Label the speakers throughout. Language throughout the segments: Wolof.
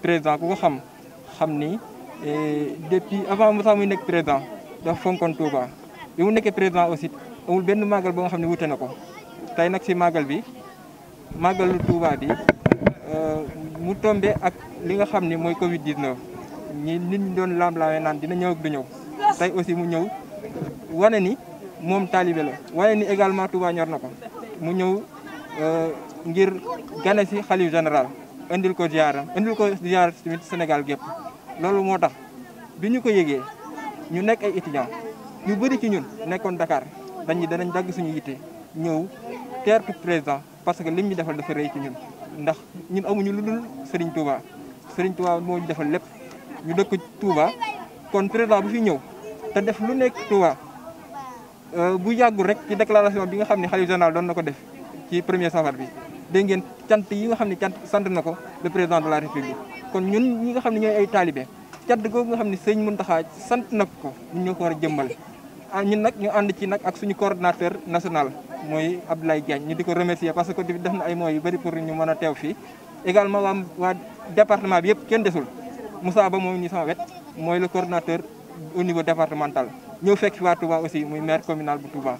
Speaker 1: président ku ko xam xam ni eh, depuis avant mu sax muy nekk président dafa fonkoon Touba bi mu nekkee président aussi amul benn màggal boo xam ne wute na ko tey nag si màggal bi màggalu Touba bi eh, mu tombé ak li nga xam ni mooy Covid 19 ñi nit ñi doon laam-laamee naan dina ñëw ak du ñëw tey aussi mu ñëw wane ni moom taalibe la wane ni également Touba ñor na ko mu ñëw eh, ngir gane si xalif général indil ko ziaram indil ko ziar tamit Sénégal gépp loolu moo tax bi ñu ko yëgee ñu nekk ay étudiants ñu bëri ci ñun nekkoon Dakar dañuy danañ dagg suñu yitte ñëw teertu président parce que lim ñu defal dafa rëy ci ñun ndax ñun amuñu lu dul Serigne Touba Serigne Touba moo ñu defal lépp ñu dëkk tuuba kon président bu fi ñëw te def lu nekk Touba euh, bu yàggul rek ci déclaration bi nga xam ne xalifa général doon na ko def ci premier safar bi dégg ngeen cant yi nga xam ne cant sant na ko le président de la république kon ñun ñu nga xam ne ñooy ay taalibe cant googu nga xam ne sëñ Mountakha sant na ko ñu ko war a jëmmal ah ñun nag ñu ànd ci nag ak suñu coordonnateur national mooy Abdoulaye Diagne ñu di ko remercier parce que def na ay mooy yu bëri pour ñu mën a teew fii également waa waa département bi yëpp kenn desul Moussa Ba moom ñu sama wet mooy le coordonnateur au niveau départemental ñëw fekk fi waa Touba aussi muy maire communal bu Touba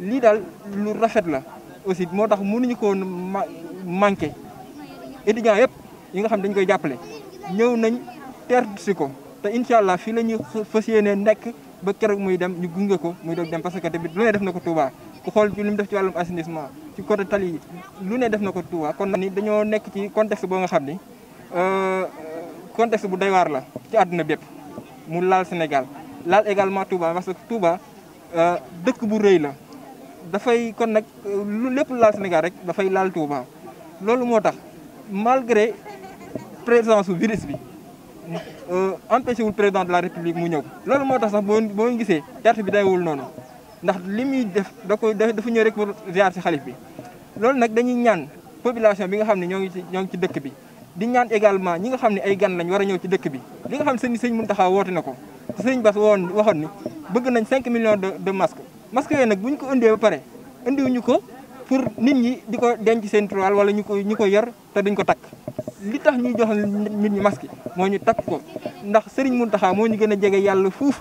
Speaker 1: lii daal lu rafet la aussi moo tax mu mënuñu ko manqué étudiants yëpp yi nga xam dañ koy jàppale ñëw nañ teertu ko te incha allah fii la ñu fas yéene nekk ba keroog muy dem ñu gunge ko muy doog dem parce que tamit lu ne def na ko Touba xool ci li mu def ci wàllum assainissement ci côté tali lu ne def na ko Touba kon ni dañoo nekk ci contexte boo nga xam ni euh, contexte bu doy la ci àdduna bépp mu laal Sénégal laal également Touba parce que Touba euh, dëkk bu rëy la dafay kon nag lu lépp laal Sénégal rek dafay laal Touba loolu moo tax malgré présence bu virus bi euh, empêché wul président de la république mu ñëw. loolu moo tax sax boo boo gisee carte bi dawul noonu ndax li muy def da koy dafa ñëw rek pour ziar ci xalif bi loolu nag dañuy ñaan population bi nga xam ne ñoo ngi ci ñoo ngi ci dëkk bi. di ñaan également ñi nga xam ne ay gan lañ war a ñëw ci dëkk bi li nga xam ne sëñ mun taxaw woote na ko sëñ Bass woon waxoon ni bëgg nañ 5 millions de de masques. masque yooyu nag bu ñu ko indee ba pare indiwuñu ko pour nit ñi di ko denc seen tiroir wala ñu ko ñu ko yor te duñ ko takk li tax ñuy jox nit ñi masque moo ñu takk ko ndax mun taxaam moo ñu gën a jege yàlla fuuf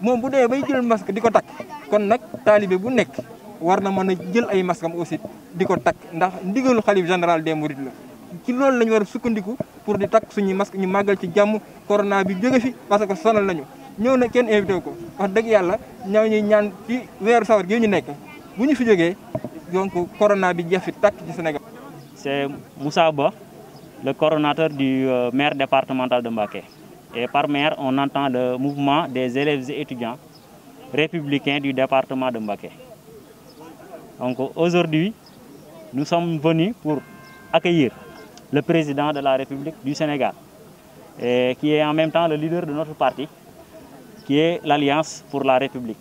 Speaker 1: moom bu dee bay jël masque di ko takk kon nag taalibe bu nekk war na mën a jël ay masque am aussi di ko takk ndax ndigalu xalif général des mourides la ci loolu lañu war a sukkandiku pour di takk suñuy masque ñu màggal ci jàmm corona bi jóge fi parce que sonal nañu ñëw na kenn invité ko wax dëgg yàlla ñoo ñuy ñaan
Speaker 2: ci weeru sawar gi ñu nekk bu ñu fi jógee donc corona bi jeex fi tàkk ci Sénégal. c'est Moussa Ba le coordonnateur du euh, maire départemental de Mbacké et par maire on entend le mouvement des élèves et étudiants républicains du département de Mbacké donc aujourd'hui nous sommes venus pour accueillir le président de la République du Sénégal et qui est en même temps le leader de notre parti qui est l'Alliance pour la République.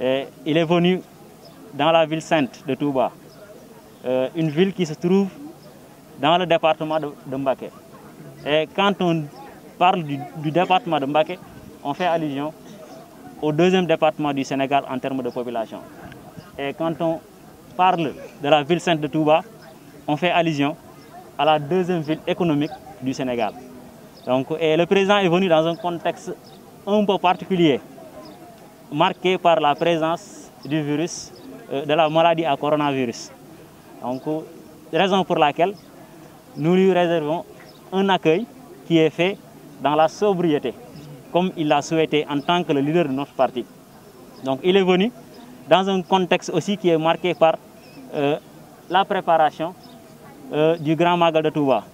Speaker 2: Et il est venu dans la ville sainte de Touba, euh, une ville qui se trouve dans le département de, de Mbaké. Et quand on parle du, département de Mbaké, on fait allusion au deuxième département du Sénégal en termes de population. Et quand on parle de la ville sainte de Touba, on fait allusion à la deuxième ville économique du Sénégal. Donc, et le président est venu dans un contexte un peu particulier, marqué par la présence du virus, euh, de la maladie à coronavirus. Donc, raison pour laquelle nous lui réservons un accueil qui est fait dans la sobriété, comme il l'a souhaité en tant que le leader de notre parti. Donc il est venu dans un contexte aussi qui est marqué par euh, la préparation euh, du Grand Magal de Touba,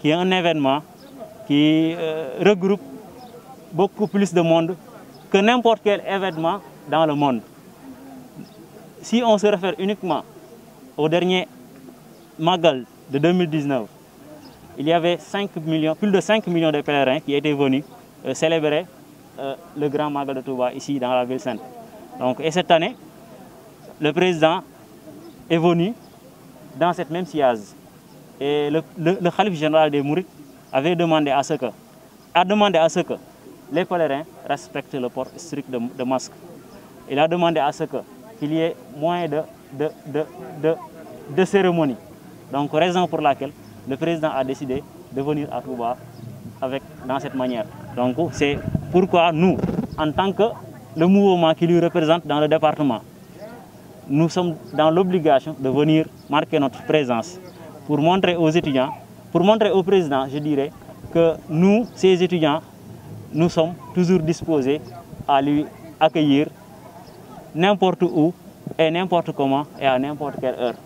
Speaker 2: qui est un événement qui euh, regroupe beaucoup plus de monde que n'importe quel événement dans le monde. Si on se réfère uniquement au dernier Magal de 2019, il y avait 5 millions, plus de 5 millions de pèlerins qui étaient venus euh, célébrer euh, le grand Magal de Touba ici dans la ville sainte. Donc, et cette année, le président est venu dans cette même sillage. Et le, le, le, Khalif général des Mourites avait demandé à ce demandé à ce que les pèlerins respectent le port strict de, de masque. Il a demandé à ce que il y ait moins de, de, de, de, de cérémonies. Donc, raison pour laquelle le président a décidé de venir à Touba avec, dans cette manière. Donc, c'est pourquoi nous, en tant que le mouvement qui lui représente dans le département, nous sommes dans l'obligation de venir marquer notre présence pour montrer aux étudiants, pour montrer au président, je dirais, que nous, ces étudiants, nous sommes toujours disposés à lui accueillir n'importe où et n'importe comment et à n'importe quelle heure.